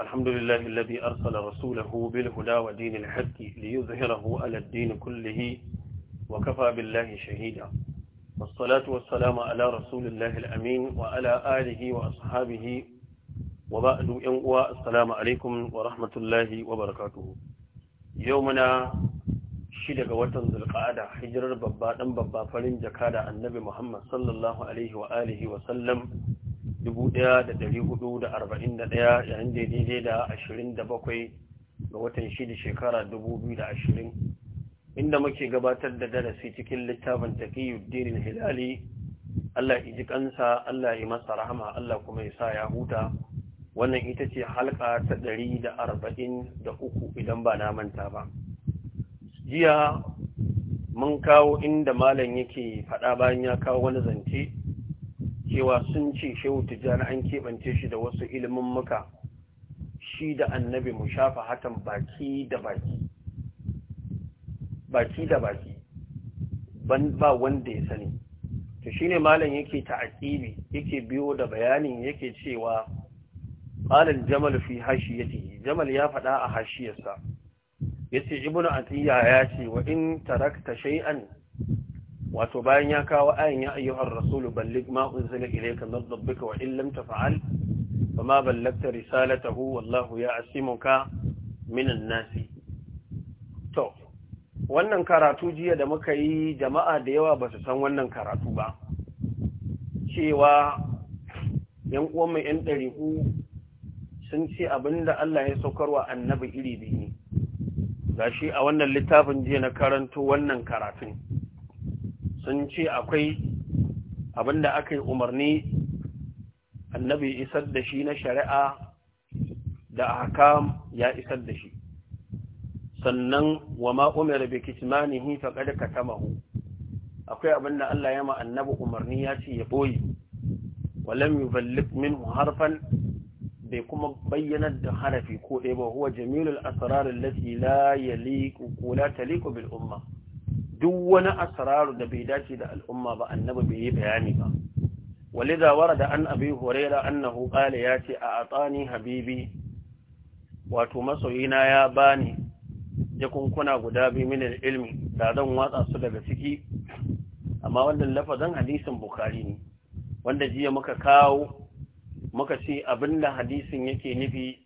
الحمد لله الذي أرسل رسوله بالهدى ودين الحق ليظهره على الدين كله وكفى بالله شهيدا والصلاة والسلام على رسول الله الأمين وعلى آله وأصحابه وبعد ينقوى السلام عليكم ورحمة الله وبركاته يومنا شدق وطن ذي القعدة حجر ببا نبابا ببا فلن جكادة النبي محمد صلى الله عليه وآله وسلم 1441 yayin da daidai da 27 ga watan shida shekara 2020 inda muke gabatar da darasi cikin littafin taqiyuddin hilali Allah ya ji kansa Allah ya masa rahama Allah kuma ya sa ya huta wannan ita ce halka ta 143 idan ba na manta ba jiya mun kawo inda malam yake faɗa bayan ya kawo wani zance cewa sun ce shehu tijjani an keɓance shi da wasu ilimin muka shi da annabi mu shafa hatan baki da baki baki da baki ban ba wanda ya sani to ne malam yake ta'aqibi yake biyo da bayanin yake cewa qalal jamal fi hashiyatihi jamal ya faɗa a hashiyarsa yace ibnu atiya ya ce wa in tarakta shay'an wato bayan ya kawo ayin ya ayyuhar rasulu ballig ma unzila ilayka min rabbika wa in lam taf'al fama ballagta risalatahu wallahu ya'simuka minan nasi to wannan karatu jiya da muka yi jama'a da yawa ba su san wannan karatu ba cewa yan uwan mai yan ɗariƙu sun ce abinda Allah ya saukarwa annabi iri biyu ne gashi a wannan littafin jiya na karanto wannan karatun sun ce akwai da aka yi umarni annabi isar da shi na shari'a da ahkam ya isar da shi sannan wa ma umira bi kitmanihi faqad katamahu akwai abinda Allah ya ma annabi umarni ya ce ya ɓoye. walam yuballigh minhu harfan bai kuma bayyanar da harafi ko ɗaya ba huwa jamilul asrar lati la yaliqu ko la taliqu bil umma duk wani asararu da bai dace da al'umma ba annabi bai yi bayani ba walidha warada an abi huraira annahu qala yati a atani habibi wato masoyina ya bani jakunkuna guda biyu min ilmi da zan watsa su daga ciki amma wannan lafazin hadisin bukhari ne wanda jiya muka kawo muka ce abinda hadisin yake nufi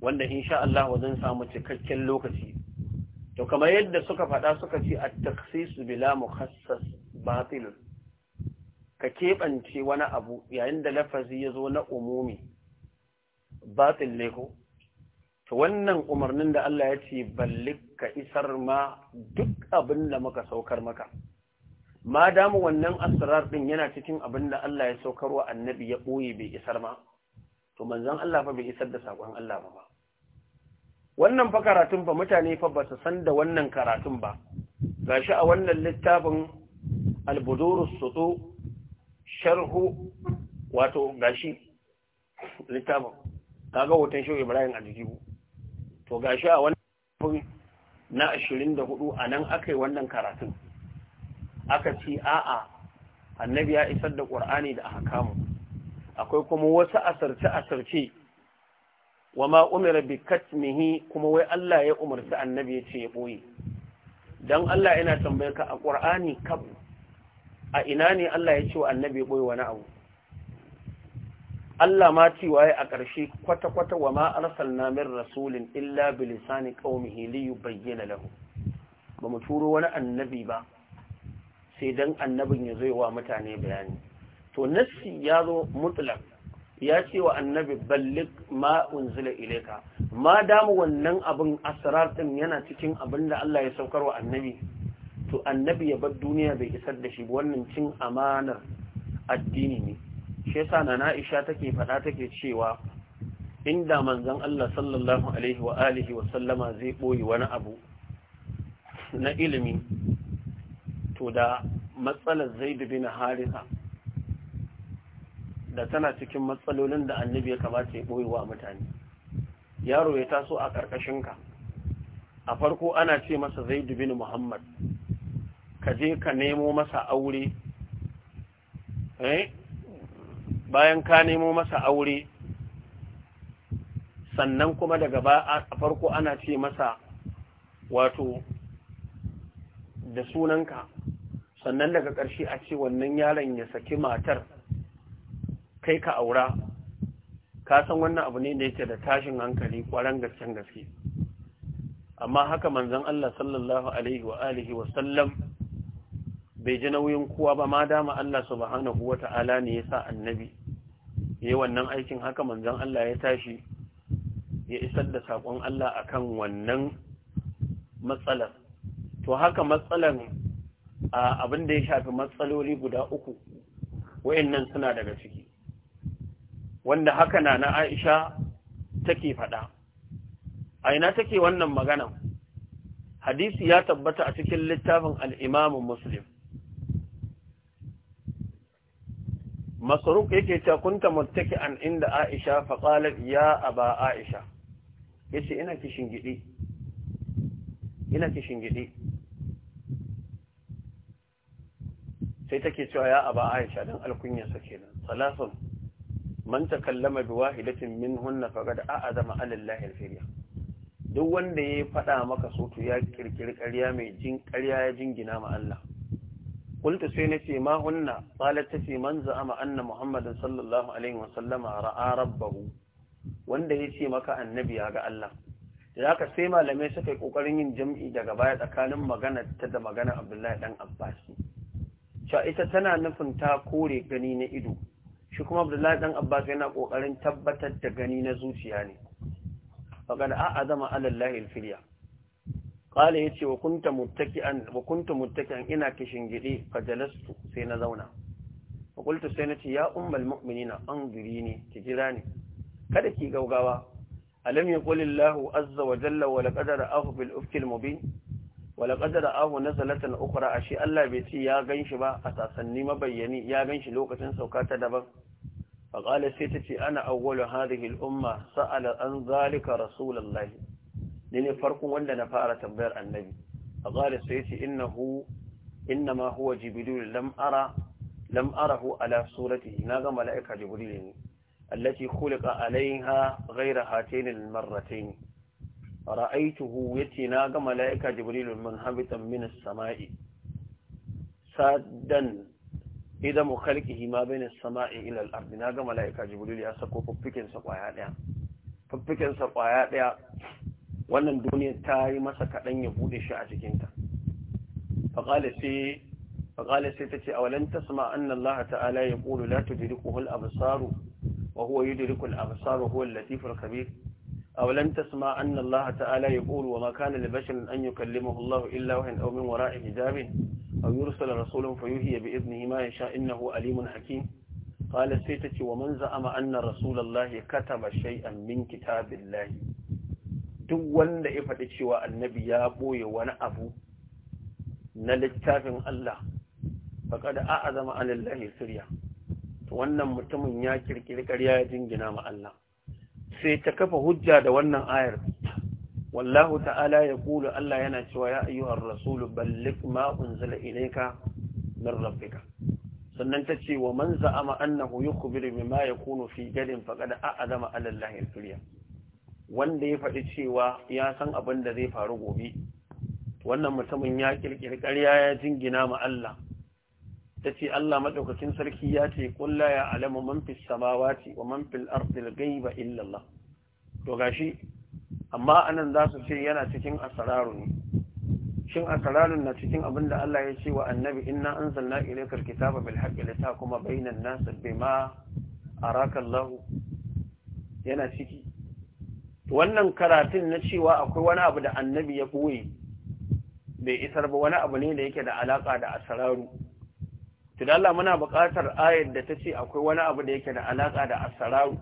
wanda insha Allah zan samu cikakken lokaci to kamar yadda suka faɗa suka ce a taksisu bila mukhassas batilun ka keɓance wani abu yayin da lafazi ya zo na umumi batil ne ko to wannan umarnin da Allah ya ce ballik ka isar ma duk abin da muka saukar maka ma damu wannan asirar din yana cikin abin da Allah ya wa annabi ya ɓoye bai isar ma to manzon Allah fa bai isar da sakon Allah ba wannan fa karatun fa mutane fa ba su san da wannan karatun ba Ga shi a wannan littafin albudurus sudu sharhu wato shi littafin kaga hoton shehu ibrahim aljihu to ga shi a wannan na 24 anan akai wannan karatun aka ci a'a annabi ya isar da qur'ani da ahkamu akwai kuma wasu asarce asarce wa ma umira bi katmihi kuma wai Allah ya umarci annabi ya ce ya boye dan Allah yana tambayar ka a Qur'ani kab a ina ne Allah ya ce wa annabi ya boye wani abu Allah ma ce waye a ƙarshe kwata kwata wa ma arsalna min rasulin illa bi lisani qaumihi li yubayyana lahu ba mu turo wani annabi ba sai dan annabin ya zo wa mutane bayani to nassi ya zo mutlaq ya ce wa annabi ballik ma unzila ilaika ma damu wannan abin asrar din yana cikin abinda Allah ya saukar wa annabi to annabi ya bar duniya bai isar da shi wannan cin amanar addini ne shi yasa na Aisha take faɗa take cewa inda manzon Allah sallallahu alaihi wa alihi wa sallama zai boye wani abu na ilimi to da matsalar Zaid bin harisa da tana cikin matsalolin da annabi ya kamata ya boyewa mutane yaro ya taso a ka a farko ana ce masa zaidu bin muhammad ka je ka nemo masa aure eh? bayan ka nemo masa aure sannan kuma daga ba a farko ana ce masa wato da sunanka sannan daga ƙarshe a ce wannan yaron ya saki matar kai ka aura ka san wannan abu ne da yake da tashin hankali kwaran gasken gaske amma haka manzon Allah sallallahu alaihi wa alihi wa sallam bai ji nauyin kowa ba ma dama Allah subhanahu wa ta'ala ne ya sa annabi yayi wannan aikin haka manzon Allah ya tashi ya isar da sakon Allah akan wannan matsalar to haka matsalar abin da ya shafi matsaloli guda uku wayannan suna daga ciki wanda haka na na Aisha take faɗa a ina take wannan magana hadisi ya tabbata a cikin littafin al Muslim Masruq yake cewa kunta muttaki'an inda Aisha faƙalar ya aba Aisha yace ina kishin gidi ina kishin gidi sai take cewa ya aba Aisha dan alkunyarsa ke nan man takallama bi wahidatin minhunna faqad a'azama 'ala Allahi al-firya duk wanda ya faɗa maka soto ya kirkiri ƙarya mai jin ƙarya ya jingina ma Allah qultu sai nace ma hunna qalat ce man za'ama anna muhammadan sallallahu alaihi wa sallama ra'a rabbahu wanda yace maka annabi ya ga Allah da haka sai malamai suka yi kokarin yin jam'i daga baya tsakanin magana ta da magana Abdullahi dan Abbas cewa ita tana nufin ta kore gani na ido shi kuma abdullahi dan abbas yana kokarin tabbatar da gani na zuciya ne faqad a'azama a allahi alfirya qala yace ya ce muttaki'an wa kunta muttaki'an ina kishingide fajalastu sai na zauna fa sai na nace ya an mu'minina ne, ki jira ni kada ki gaugawa alam yaqulillahu azza wa jalla wa laqad ra'ahu bil ufkil mubin wala qadara ahu nazalatan ukhra ashe Allah bai ce ya ganshi ba a sasanni mabayyani ya ganshi lokacin sauka ta daban fa qala sai ta ce ana awwalu hadhihi al umma sa'ala an zalika rasulullah Ni ne farkon wanda na fara tambayar annabi fa qala sai ce innahu innama huwa jibril lam ara lam arahu ala suratihi naga mala'ika jibril ne allati khuliqa alaiha ghayra hatain al marratayn ra'aituhu yace na ga mala'ika jibrilu min habitan min as-sama'i saddan idan mu ma bayna as-sama'i ila al-ard na ga mala'ika jibril ya sako fuffikin sa kwaya daya fuffikin sa kwaya daya wannan duniyar ta yi masa kadan ya bude shi a cikin ta fa sai fa qala sai tace awalan tasma anna Allah ta'ala yaqulu la tudrikuhu al-absar wa huwa yudriku al huwa al-latif khabir أولم تسمع أن الله تعالى يقول وما كان لبشر أن يكلمه الله إلا وهن أو من وراء حجاب أو يرسل رسول فيهي بإذنه ما يشاء إنه أليم حكيم قال سيتك ومن زعم أن رسول الله كتب شيئا من كتاب الله duk wanda ya faɗi cewa annabi ya ɓoye wani abu na littafin Allah faƙa da a'a zama anillahi sirya to wannan mutumin ya kirkiri ƙarya ya jingina ma Allah sai ta kafa hujja da wannan ayar wallahu ta'ala ya kulu Allah yana cewa ya ayyuhar rasulu ballik ma unzila ilayka min rabbika sannan ta ce wa man za'ama annahu yukhbiru bima yakunu fi gadin faqad a'zama 'ala Allahi al-firya wanda ya faɗi cewa ya san abin da zai faru gobe wannan mutumin ya kirkiri ƙarya ya jingina ma Allah ce Allah madaukakin sarki ya ce kulla ya ya'lamu man fis samawati wa man fil ardi al-ghaiba illallah" to gashi amma anan za su ce yana cikin asraru ne shin asrarun na cikin abin da Allah ya ce wa annabi inna anzalna ilaykal kitaba bil haqqi litahkuma bainan nas bima araka Allah yana ciki wannan karatun na cewa akwai wani abu da annabi ya koyi bai isar ba wani abu ne da yake da alaka da asraru to muna buƙatar ayar da ta ce akwai wani abu da yake da alaƙa da asararu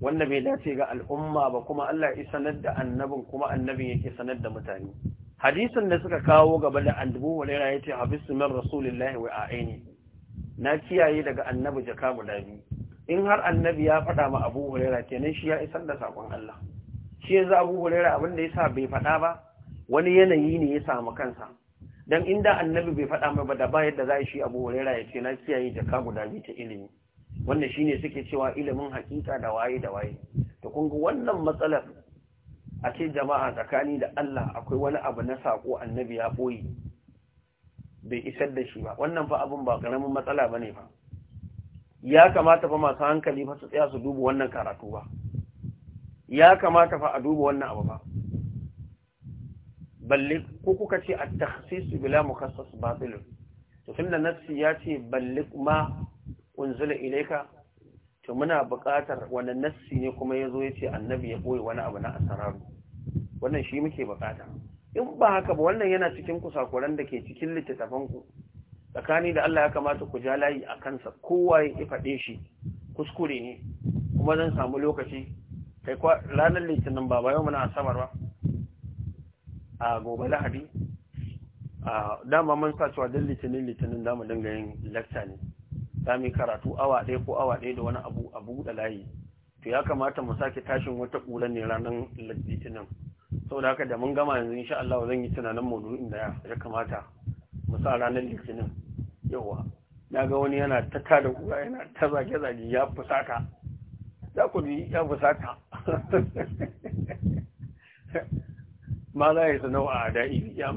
wanda bai dace ga al'umma ba kuma Allah ya sanar da annabin kuma annabin yake sanar da mutane hadisin da suka kawo gaba da annabi ya yace hafisu min rasulillahi wa aini na kiyaye daga annabi jaka guda biyu in har annabi ya faɗa ma abu huraira kenan shi ya isar da saƙon Allah shi yanzu abu huraira abin da ya sa bai faɗa ba wani yanayi ne ya samu kansa dan inda annabi bai faɗa mai ba da ba yadda za shi abu wurera ya ce na kiyaye jaka guda biyu ta ilimi wanda shine suke cewa ilimin hakika da waye da waye to kun ga wannan matsalar a ce jama'a tsakani da Allah akwai wani abu na sako annabi ya boye bai isar da shi ba wannan fa abun ba karamin matsala bane fa ya kamata fa masu hankali fa su tsaya su duba wannan karatu ba ya kamata fa a duba wannan abu ba Ballik ko kuka ce at-takhsis bila mukhassas batil to tunda nafsi ya ce ballik ma unzila ilayka to muna buƙatar wani nafsi ne kuma yazo ya ce annabi ya boye wani abu na asrar wannan shi muke buƙata in ba haka ba wannan yana cikin kusakuran da ke cikin littattafan ku tsakani da Allah ya kamata ku ja layi a kansa kowa ya faɗe shi kuskure ne kuma zan samu lokaci kai kwa ranar litinin ba ba yau muna asabar ba a gobe lahadi a dama man sa cewa dan litinin litinin zamu dinga yin lecture ne za mu karatu awa ɗaya ko awa ɗaya da wani abu a buɗe layi to ya kamata mu sake tashin wata ƙula ne ranar litinin saboda haka da mun gama yanzu insha Allah zan yi tunanin maudu'in da ya kamata mu sa ranar litinin yawa na ga wani yana ta tada kura yana ta zage-zage ya fusata za ku ji ya fusata ma za a yi sanau a da'i ya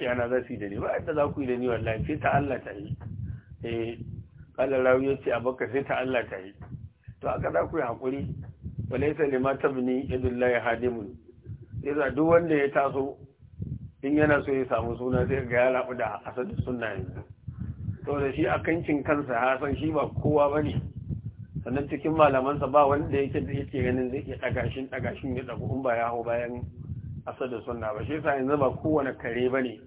yana za su yi da ni ba a yadda za ku yi da ni wallahi sai ta Allah ta yi eh kala rawi ya a baka sai ta Allah ta yi to aka za ku yi haƙuri walaisa lima tabni idullahi hadimun yasa duk wanda ya taso in yana so ya samu suna sai ga ya rabu da asadu sunna yanzu to da shi akancin kansa ya san shi ba kowa bane sannan cikin malamansa ba wanda yake da yake ganin zai iya dagashin dagashin ya dago in ba ya hau bayan da suna ba shi yasa yanzu ba kowane kare ba ne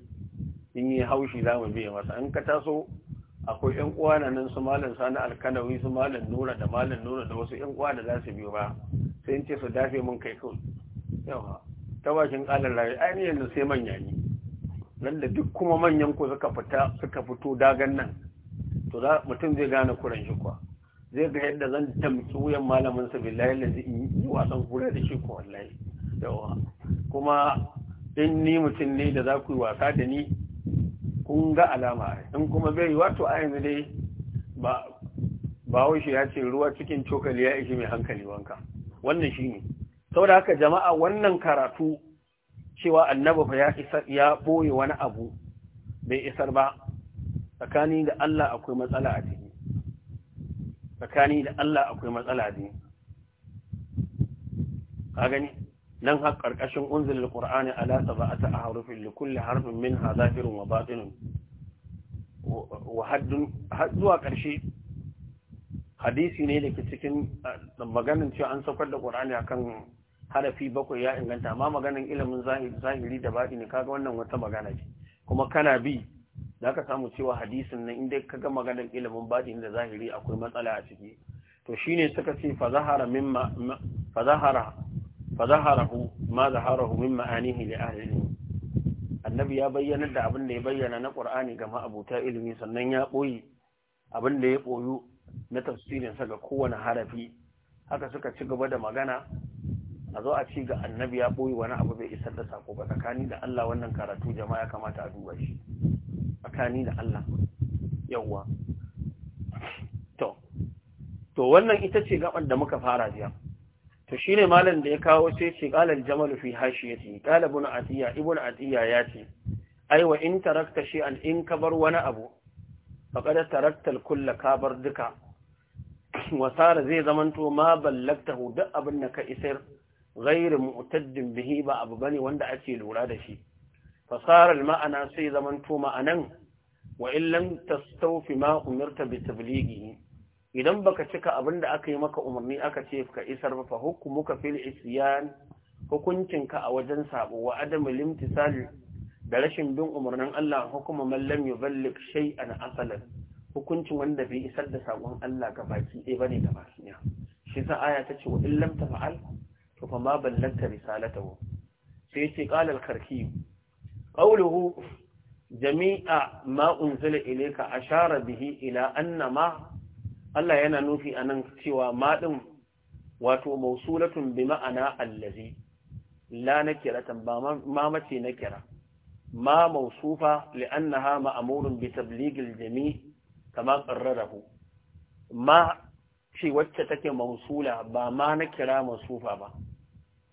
in yi haushi za mu biya masa in ka taso akwai yan uwa nan su malin sani alkanawi su malin nura da malin nura da wasu yan uwa da za su biyo ba sai in ce su dafe mun kai kawai yawa ta bakin kalar rayu ainihin da sai manya ne nan da duk kuma manyan ku suka fito dagan nan to mutum zai gane kuran shi kuwa zai ga yadda zan tamki wuyan malamin sa billahi lazi in yi wasan kura da shi ko wallahi yawa kuma in ni mutum ne da za ku yi wasa da ni kun ga alama in kuma bai yi wato a yanzu dai ba bawo shi ya ce ruwa cikin cokali ya ishi mai hankali wanka wannan shi ne saboda haka jama'a wannan karatu cewa annabi fa ya isa ya boye wani abu bai isar ba tsakani da Allah akwai matsala a ciki tsakani da Allah akwai matsala ne ka gani nan har karkashin unzilul qur'ani ala sab'ati ahrufin li kulli harfin minha zahirun wa batinun wa haddun zuwa karshe hadisi ne da ke cikin ah, maganin cewa an saukar da qur'ani akan harafi bakwai ya inganta amma maganin ilimin zahiri da baɗi ne kaga wannan wata magana ce kuma kana bi za ka samu cewa hadisin nan inda ka ga maganar ilimin baɗin da zahiri akwai matsala a ciki to shine suka ce fa zahara mimma fa zahara hu ma zahara hu mimma anihi li ahli annabi ya bayyana da abin da ya bayyana na qur'ani ga ma'abuta ilimi sannan ya boye abin da ya boyu na tafsirin sa ga kowane harafi haka suka ci gaba da magana a zo a ci ga annabi ya boyi wani abu bai isar da sako ba tsakani da Allah wannan karatu jama'a ya kamata a duba shi tsakani da Allah yawwa to to wannan ita ce gabar da muka fara jiya to shine malam da ya kawo sai ce qalal jamal fi hashiyati qala atiya ibn atiya ya ce ai wa in tarakta shay'an in kabar wani abu faqad tarakta al kabar duka wasara zai zamanto ma ballaktahu duk abin da ka isar ghairu mu'taddin bihi ba abu bane wanda ake lura da shi fasarar ma'ana sai zamanto ma'anan wa illan tastawfi ma umirta bi tablighi idan baka cika abin da aka yi maka umarni aka ce ka isar ba fa hukumuka fil isyan hukuncinka a wajen sabo wa adamu limtisal da rashin bin umarnin Allah hukuma man lam yuballigh shay'an asalan hukuncin wanda bai isar da sakon Allah ga baki ɗaya bane ga baki shi sa aya ta ce wa illam tafa'al to fa ma ballagta risalatahu sai ce qala al قوله جميع ما انزل اليك اشار به الى ان ما الله yana nufi anan cewa ma din wato mausulatun bi ma'ana allazi la nakiratan ba ma mace nakira ma mausufa li annaha ma'murun bi tabligh aljami kama qarrarahu ma shi wacce take mausula ba ma nakira mausufa ba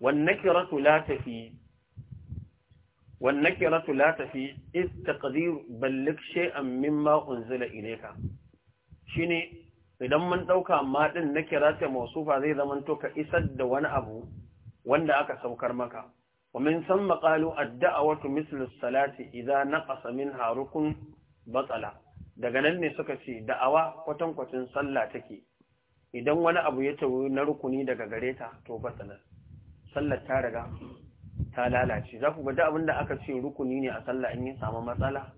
wan nakiratu la tafi wannan la ta fi is ta ƙadir ballik she'an mimma unzila ileka shine idan mun ɗauka maɗin na kirata masu fa zai zama to ka isar da wani abu wanda aka saukar maka wa min san maƙalu adda'a watu mislu salati idan na ƙasa min harukun batsala daga nan ne suka ce da'awa kwatankwacin sallah take idan wani abu ya tawo na rukuni daga gare ta to batsala sallar ta riga ta lalace za ku ga abin da aka ce rukuni ne a sallah in ya samu matsala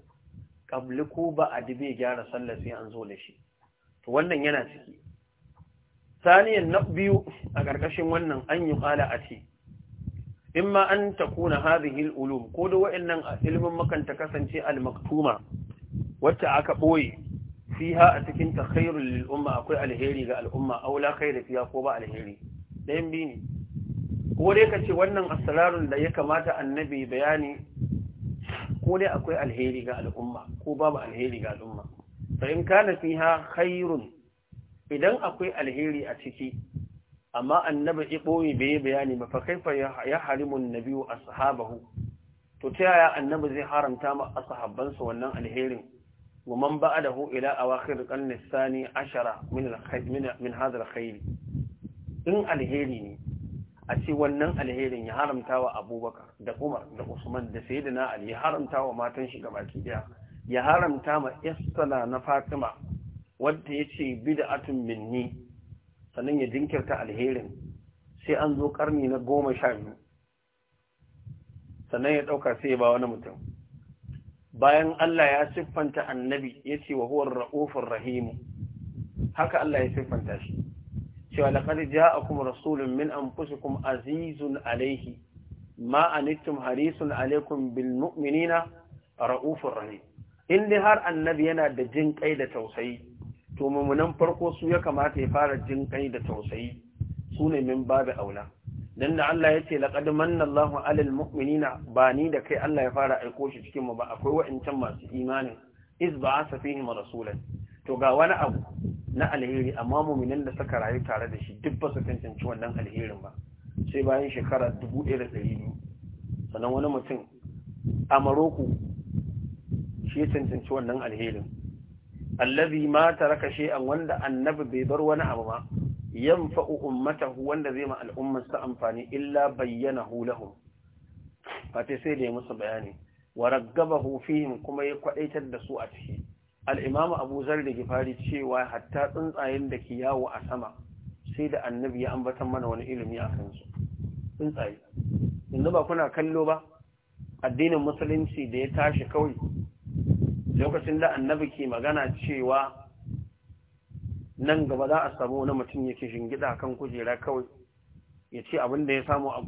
ƙabli ko ba a dibe gyara sallah sai an zo da shi to wannan yana ciki saniyan na biyu a ƙarƙashin wannan an yi ƙwala a ce in ma an ta kuna hadhihi ulum ko da wa'annan ilimin makanta kasance al-maktuma wacce aka ɓoye fiha a cikin ta khairul akwai alheri ga al'umma aula da fiya ko ba alheri ɗayan biyu ne ko dai ka ce wannan asrarun da ya kamata annabi bayani ko dai akwai alheri ga al'umma ko babu alheri ga al'umma fa in kana fiha khairun idan akwai alheri a ciki amma annabi iboyi bai bayani ba fa kaifa ya harimun nabiyyu ashabahu to ta yaya annabi zai haramta ma ashabansa wannan alherin ومن بعده إلى أواخر القرن الثاني عشر من الخير من, من هذا الخير الهيري a ce wannan alherin ya haramta wa abubakar da umar da usman da sai na ali ya haramta wa matan shi baki daya ya haramta ma istala na fatima wadda ya ce bid'atun minni sannan ya jinkirta alherin sai an zo karni na goma sha biyu sannan ya ɗauka sai ya ba wani mutum bayan Allah ya siffanta annabi ya ce wa huwar ra'ufin rahimu haka Allah ya siffanta shi cewa laqad ja'akum rasulun min anfusikum azizun alayhi ma anittum harisun alaykum bil mu'minina Ra'ufin rahim in dai har annabi yana da jin kai da tausayi to mummunan farko su ya kamata ya fara jin kai da tausayi su ne min babu aula dan da Allah ya ce laqad manna Allahu mu'minina ba ni da kai Allah ya fara aiko shi cikin mu ba akwai wa'incan masu imani iz ba'asa fihim rasulan to ga wani abu na alheri amma muminan da suka rayu tare da shi duk ba su cancanci wannan alherin ba sai bayan shekara 1200 sannan wani mutum a maroko shi ya cancanci wannan alherin allazi ma taraka shay'an wanda annabi bai bar wani abu ba yanfa'u ummatahu wanda zai ma al'ummarsa amfani illa bayyanahu lahum fate sai da ya musu bayani wa raggabahu fihim kuma ya kwadaitar da su a ciki al'imam abu zar da gifari cewa hatta tsuntsayen da ke yawo a sama sai da annabi ya ambatan mana wani ilimi a kansu tsuntsaye yanzu ba kuna kallo ba addinin musulunci da ya tashi kawai lokacin da annabi ke magana cewa nan gaba za a samu wani mutum yake shingida kan kujera kawai ya ce abin da ya samu a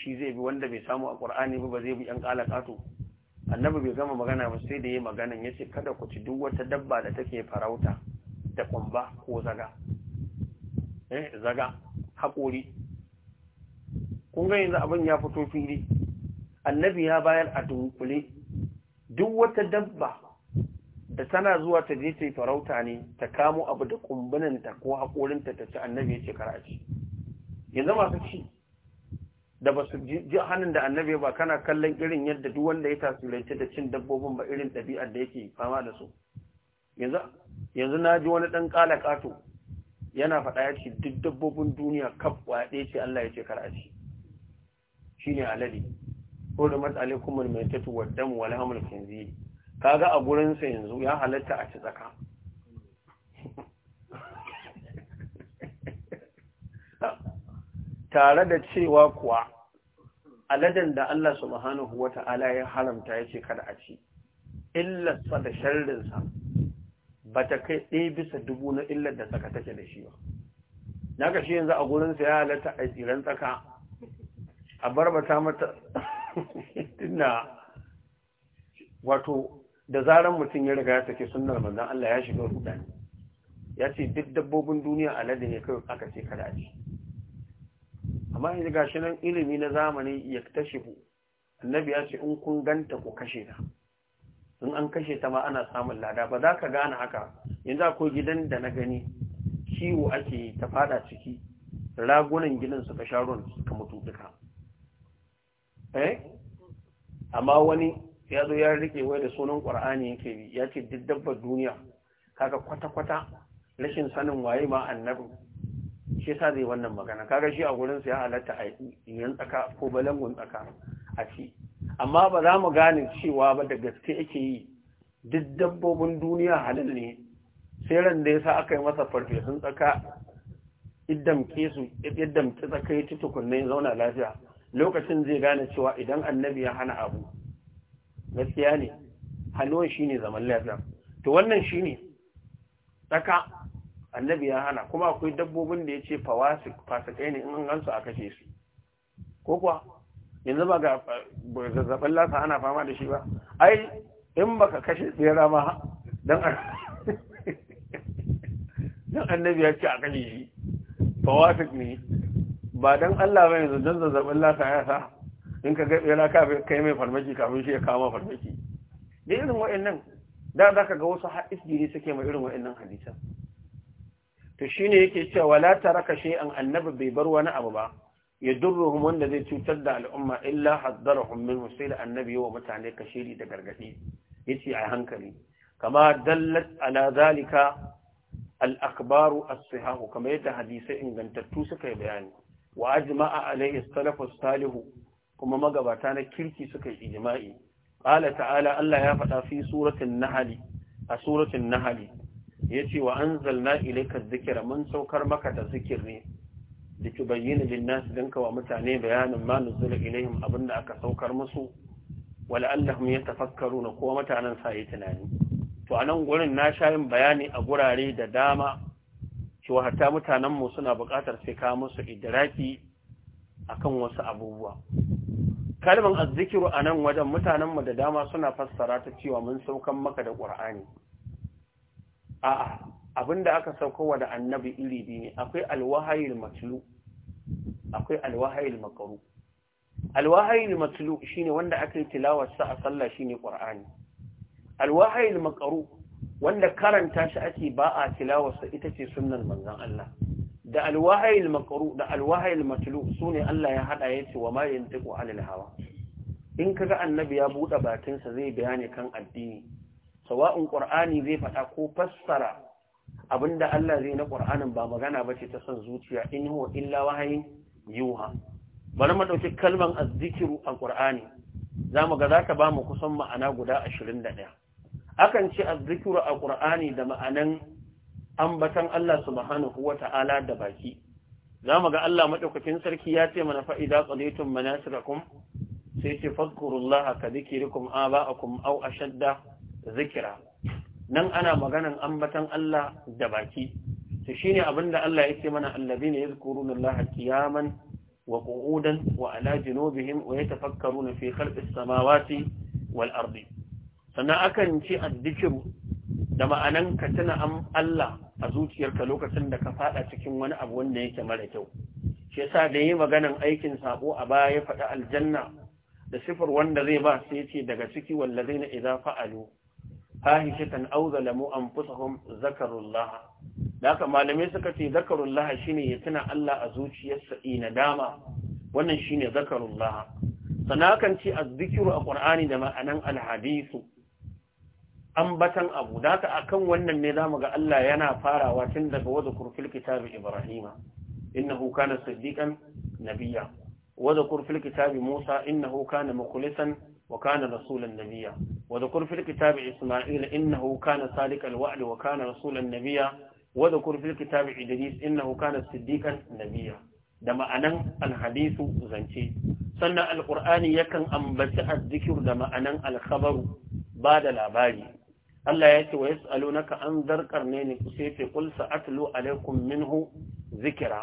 shi zai bi wanda bai samu a ba ba zai bi ‘yan ƙalaƙato annabi bai gama magana ba sai da yi maganan ya ce kada ku ci duk wata dabba da take farauta da kwamba ko zaga eh zaga haƙori kun ga yanzu abin ya fito fili annabi ya bayar a dunkule duk wata dabba da tana zuwa ta je ta farauta ne ta kamo abu da kumbuninta ko haƙorinta ta ci annabi ya ce kar a ci yanzu masu ci da ba su ji hannun da annabi ba kana kallon irin yadda duk wanda ya tasirance da cin dabbobin ba irin ɗabi'ar da yake fama da su yanzu na ji wani ɗan ƙala ƙato yana faɗa ya ce duk dabbobin duniya kaf ɗaya ce Allah ya ce kar a ci shi ne alade ko da matsale kuma mai tattu wa damu wa hamul kinzi kaga a gurinsa yanzu ya halatta a ci tsaka tare da cewa kuwa aladen da Allah subhanahu wa ta'ala ya haramta ya ce kada a ci, illarsa da sharrinsa ba ta kai ɗaya bisa dubu na illar da saka take da shi ba. Na ka shi yanzu a gurinsa ya halatta a tsiran tsaka, a barbata mata tunna wato da zaran mutum ya riga ya sake sunnar manzan Allah ya shiga rudani. Ya ce duk dabbobin duniya aladen ya kai aka ce kada a ci. amma yanzu shi nan ilimi na zamani ya tashi ku, annabi ya ce in kun ganta ku kashe ta in an kashe ta ma ana samun lada ba za ka gane haka yanzu akwai gidan da na gani kiwo ake ta fada ciki ragunan gidan suka sha ruwan suka mutu duka eh amma wani ya zo ya rike wai da sunan qur'ani yake bi ya ce duk dabbar duniya kaga kwata kwata rashin sanin waye ma annabi shi sa zai wannan magana kaga shi a gurin sa ya halatta a yin tsaka ko balangun tsaka a ci amma ba za mu gane cewa ba da gaske yake yi duk dabbobin duniya halin ne sai ran da yasa aka yi masa farfesun tsaka su idan ta tsaka ya ci tukunne zauna lafiya lokacin zai gane cewa idan annabi ya hana abu gaskiya ne hannuwan shine zaman lafiya to wannan shine tsaka annabi ya hana kuma akwai dabbobin da ya ce fasikai ne in an gansu a kashe su ko kuwa yanzu ba ga zazzabin lasa ana fama da shi ba ai in ba ka kashe tsera ba don annabi ya ce a kashe shi fawasik ne ba don Allah ba yanzu don zazzabin lasa ya sa in ka ga tsera kai mai farmaki kafin shi ya kama farmaki da irin nan da za ka ga wasu haɗis ne suke mai irin nan hadisan to shi ne yake cewa wala taraka an annabi bai bar wani abu ba Ya yadurruhum wanda zai cutar da al'umma illa haddara minhu sai da annabi wa mutane kashiri da gargadi yace a hankali kama dallat ala zalika al akbaru as-sihah kama yadda hadisai ingantattu suka yi bayani wa ajma'a alayhi as-salafu salihu kuma magabata na kirki suka yi ijma'i qala ta'ala Allah ya faɗa fi suratul nahl a suratul nahl ya ce wa an zalna ilaika zikira mun saukar maka da zikir ne da ki bayyana dan don wa mutane bayanin ma nuzula ilaihim abinda aka saukar musu wala allahum ya tafakkaru na kuma mutanen sa yi tunani to a nan gurin na sha yin bayani a gurare da dama cewa hatta mutanen mu suna buƙatar sai ka musu idraki akan wasu abubuwa kalman azzikiru a nan wajen mutanen mu da dama suna fassara ta cewa mun saukan maka da ƙur'ani. a'a abinda aka saukowa da annabi iri biyu ne akwai alwahayil matlu akwai alwahayil makaru alwahayil matlu shine wanda aka yi tilawar sa a sallah shine qur'ani alwahayil makaru wanda karanta shi ake ba a tilawar sa ita ce sunnar manzon Allah da alwahayil makaru da alwahayil matlu sune Allah ya hada yace wa ma yantiqu anil hawa in kaga annabi ya bude batinsa zai bayani kan addini sawa'un ƙur'ani zai faɗa ko fassara abinda Allah zai na ƙur'anin ba magana ba ce ta san zuciya in huwa illa wahayin yuha bari mu dauki kalman azzikiru a za mu ga zaka ba mu kusan ma'ana guda ashirin da ɗaya akan ce azzikiru a ƙur'ani da ma'anan ambatan Allah subhanahu ta'ala da baki zamu ga Allah madaukakin sarki ya ce mana fa idza qalaytum manasikakum sai ce fadkurullaha ka dhikrikum aba'akum aw ashadda zikira nan ana maganan ambatan Allah da baki to shine abinda Allah yake mana allazina yadhkuruna Allah qiyaman wa qu'udan wa ala junubihim wa yatafakkaruna fi khalqis samawati wal ardi sannan akan ci addikiru da ma'anan ka tuna am Allah a zuciyarka lokacin da ka fada cikin wani abu wanda yake mara kyau shi yasa da yi maganan aikin sabo a baya ya faɗi aljanna da sifar wanda zai ba sai ce daga ciki wallazina idza fa'alu fahishatan aw zalamu anfusahum zakarullah da malamai suka ce zakarullaha shine ya tuna Allah a zuciyarsa ina dama wannan shine zakarullaha. sana kan ce azzikiru a ƙur'ani da ma'anan alhadisu ambatan abu da akan wannan ne zamu ga Allah yana farawa tun daga wadda kurfil kitabi ibrahima innahu kana siddiqan nabiyya wadda kurfin kitabi musa innahu kana mukhlisan وكان رسولا نبيا وذكر في الكتاب إسماعيل إنه كان صادق الوعد وكان رسولا نبيا وذكر في الكتاب إدريس إنه كان صديقا نبيا دم أنا الحديث زنتي سنة القرآن يكن أنبت الذكر دم أنا الخبر بعد العباري الله يأتي ويسألونك عن ذر قرنين سيف قل سأتلو عليكم منه ذكرا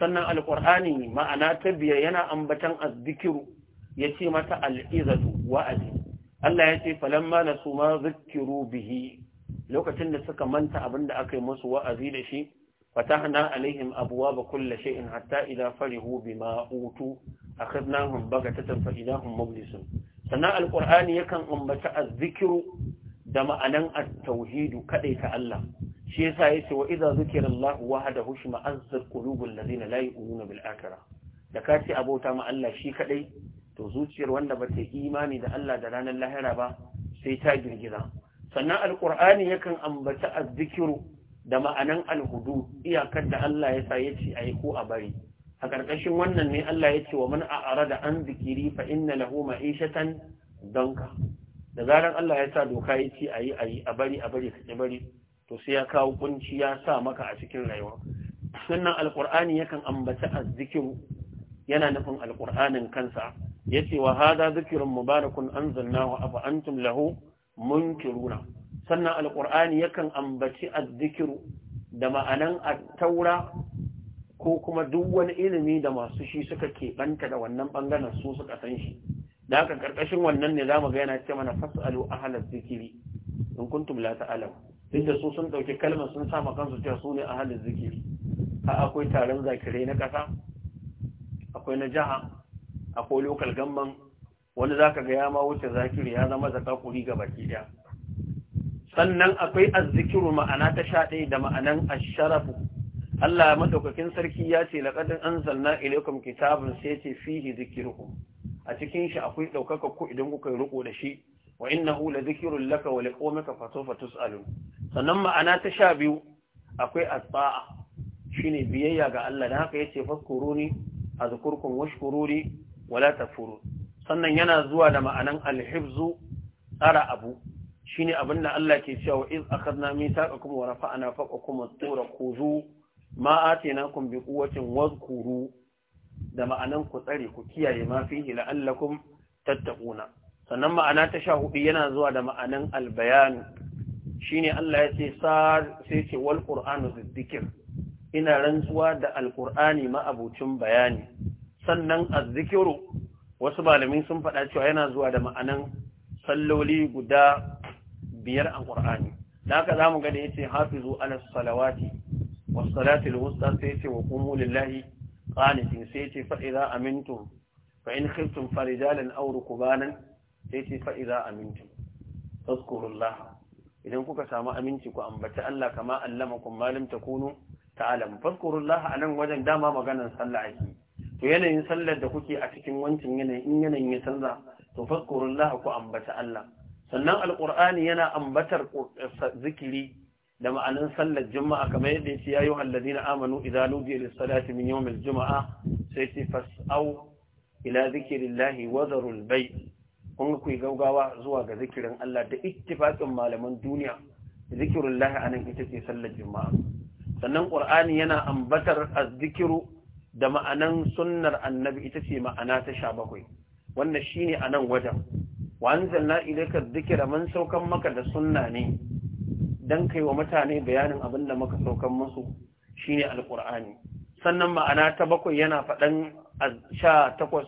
سنة القرآن ما أنا تبيا ينا أنبتا الذكر ya ce mata al'izatu wa'azi Allah ya ce falamma na su ma zikiru bihi lokacin da suka manta abin da aka yi musu wa'azi da shi hana alaihim abuwa ba kulla in hatta idza farihu bima baga ta bagatatan fa idahum mublisun sannan alqur'ani yakan ummata a zikiru da ma'anan at kaɗai ta Allah shi yasa yace wa idza zukira Allah wahdahu shima azzat qulubul ladina la yu'minuna bil akhirah da kace abota ma Allah shi kaɗai? to zuciyar wanda ba ta imani da Allah da ranar lahira ba sai ta girgiza sannan alkur'ani yakan ambaci azzikiru da ma'anan alhudu iyakar da Allah ya sa a yi ko a bari a ƙarƙashin wannan ne Allah ya ce wa man a'ara da an zikiri fa inna lahu ma'ishatan danka da zaran Allah ya sa doka ya ce ayi yi a bari a bari ka bari to sai ya kawo kunci ya sa maka a cikin rayuwa sannan alkur'ani yakan ambaci azzikiru yana nufin alkur'anin kansa yace wa hada dhikrun mubarakun anzalnahu afa antum lahu munkiruna sannan alqur'ani yakan ambaci azzikru da ma'anan at-taura ko kuma duk wani ilimi da masu shi suka keɓanta da wannan bangaren su suka san shi da haka karkashin wannan ne zamu ga yana ce mana fasalu ahlaz zikri in kuntum la ta'lamu duk da su sun dauki kalmar sun sama kansu cewa su ne ahlaz zikiri. a akwai taron zakirai na ƙasa akwai na jiha akwai lokal gamban wani za ka ga ya ma wuce zakiru ya zama zaka kuri ga baki ɗaya sannan akwai azzikiru ma'ana ta sha ɗaya da ma'anan asharafu Allah madaukakin sarki ya ce laqad anzalna ilaykum kitabun sai ce fihi zikrukum a cikin shi akwai daukaka ku idan kuka riko da shi wa na hula zikrun laka wa liqawmika fa tusalun sannan ma'ana ta sha biyu akwai at Shi shine biyayya ga Allah da haka yace A azkurkum washkuruni wala tafuru sannan yana zuwa da ma'anan alhibzu tsara abu shine abin da Allah ke cewa iz kuma wara fa'ana rafa'na kuma at-tura khudhu ma atinakum bi quwwatin wadhkuru da ma'anan ku tsare ku kiyaye ma fihi la'allakum tattaquna sannan ma'ana ta sha hudu yana zuwa da ma'anan albayan ne Allah ya ce sai ce wal ina rantsuwa da Alƙur'ani ma bayani sannan as-zikiru wasu malamin sun faɗa cewa yana zuwa da ma'anan salloli guda biyar a ƙur'ani da haka za mu ga da ya ce hafizu ala salawati wa salatul wusta sai ce wa qumu lillahi qanitin sai ce fa idza amintum fa in khiftum farijalan aw rukbanan sai ce fa idza amintum tazkurullah idan kuka samu aminci ku ambaci Allah kama allamakum ma lam takunu ta'lam fazkurullah anan wajen dama maganar sallah ake to yanayin sallar da kuke a cikin wancan yanayin in yanayin ya canza to fadkurullah ku ambata Allah sannan alqur'ani yana ambatar eh, zikiri da ma'anin sallar juma'a kamar yadda yace ya ayyuhal ladina amanu idza nudiya lis-salati min yawmil juma'a sai ce fas'au ila zikrillahi wa zarul bay' kun ku gaugawa zuwa ga zikirin Allah da ittifaqin malaman duniya zikirullahi anan ita ce sallar juma'a sannan qur'ani yana ambatar az da ma'anan sunnar annabi ita ce ma'ana ta sha bakwai wannan shine a nan wajen na anzalna ilayka dhikra man saukan maka da sunna ne dan kai wa mutane bayanin abin da muka saukan musu shine alƙur'ani sannan ma'ana ta bakwai yana faɗan sha takwas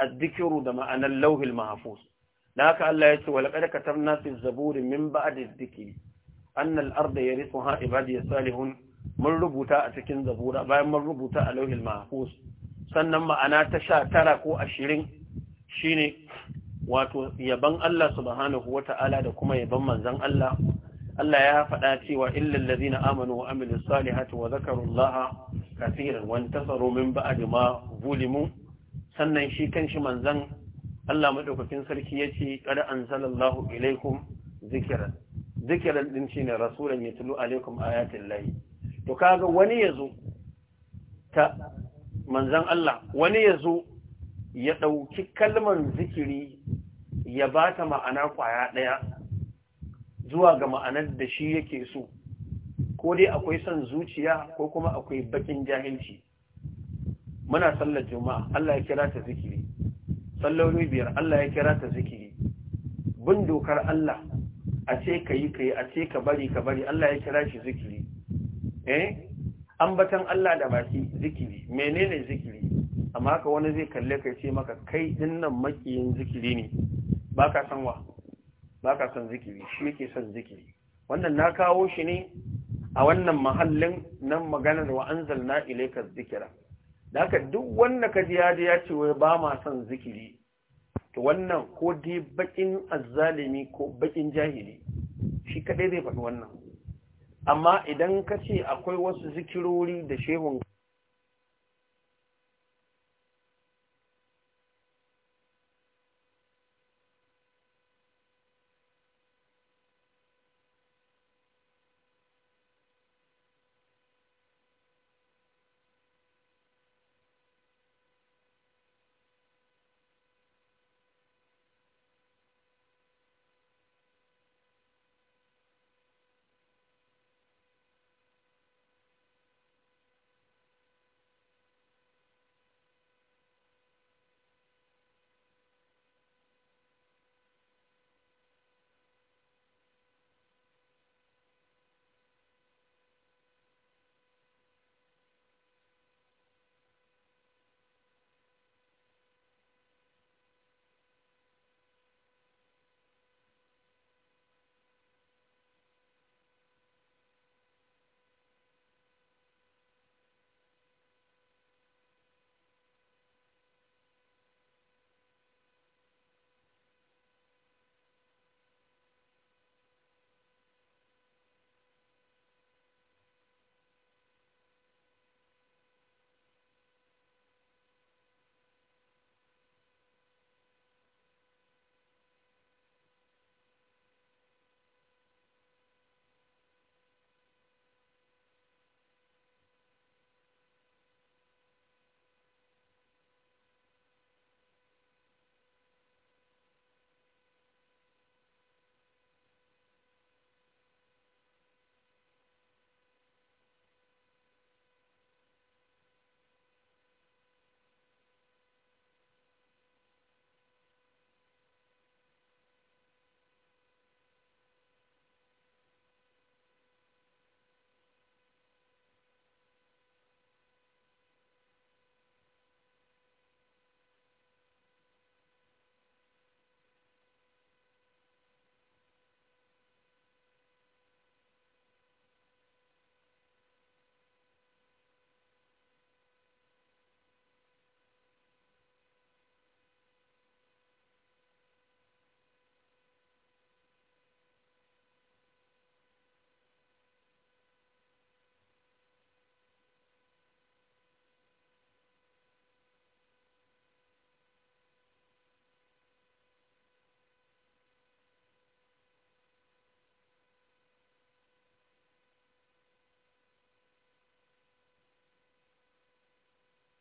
azzikiru da ma'anar lauhil mahfuz da haka Allah ya ce walaqad katabna fi zaburi min ba'di dhikri anna al-arda yarithuha ibadiy salihun mun rubuta a cikin zabura bayan mun rubuta a lauhin mahfuz sannan ma'ana ta sha tara ko ashirin shine wato yaban Allah subhanahu Ta'ala da kuma yaban manzon Allah Allah ya faɗa cewa illal ladina amanu wa amilus salihati wa zakarullaha kaseeran wa intasaru min ba'di ma zulimu sannan shi kanshi manzan. Allah madaukakin sarki yace qad anzalallahu ilaikum zikran zikran din shine rasulan yatlu alaikum ayatin to kaga wani ya ta manzan Allah wani yazo ya ɗauki kalman zikiri ya bata ma'ana kwaya ɗaya zuwa ga ma'anar da shi yake so ko dai akwai son zuciya ko kuma akwai bakin jahilci muna sallar juma'a Allah ya kira ta zikiri sallolin biyar Allah ya kira ta zikiri bin dokar Allah a ce ka yi ka yi a ce ka bari ka bari Allah ya kira shi zikiri Eh? ambatan Allah da baki zikiri menene zikiri amma haka wani zai kalle kai ce maka kai dinnan makiyin zikiri ne baka san wa baka san zikiri shi yake san zikiri wannan na kawo shi ne a wannan mahallin nan maganar wa anzalna ilayka zikira da ka duk wanda ka ji ya ya ce wai ba ma san zikiri to wannan ko dai bakin azzalimi ko bakin jahili shi kadai zai faɗi wannan amma idan ka ce akwai wasu zikiruri da shehun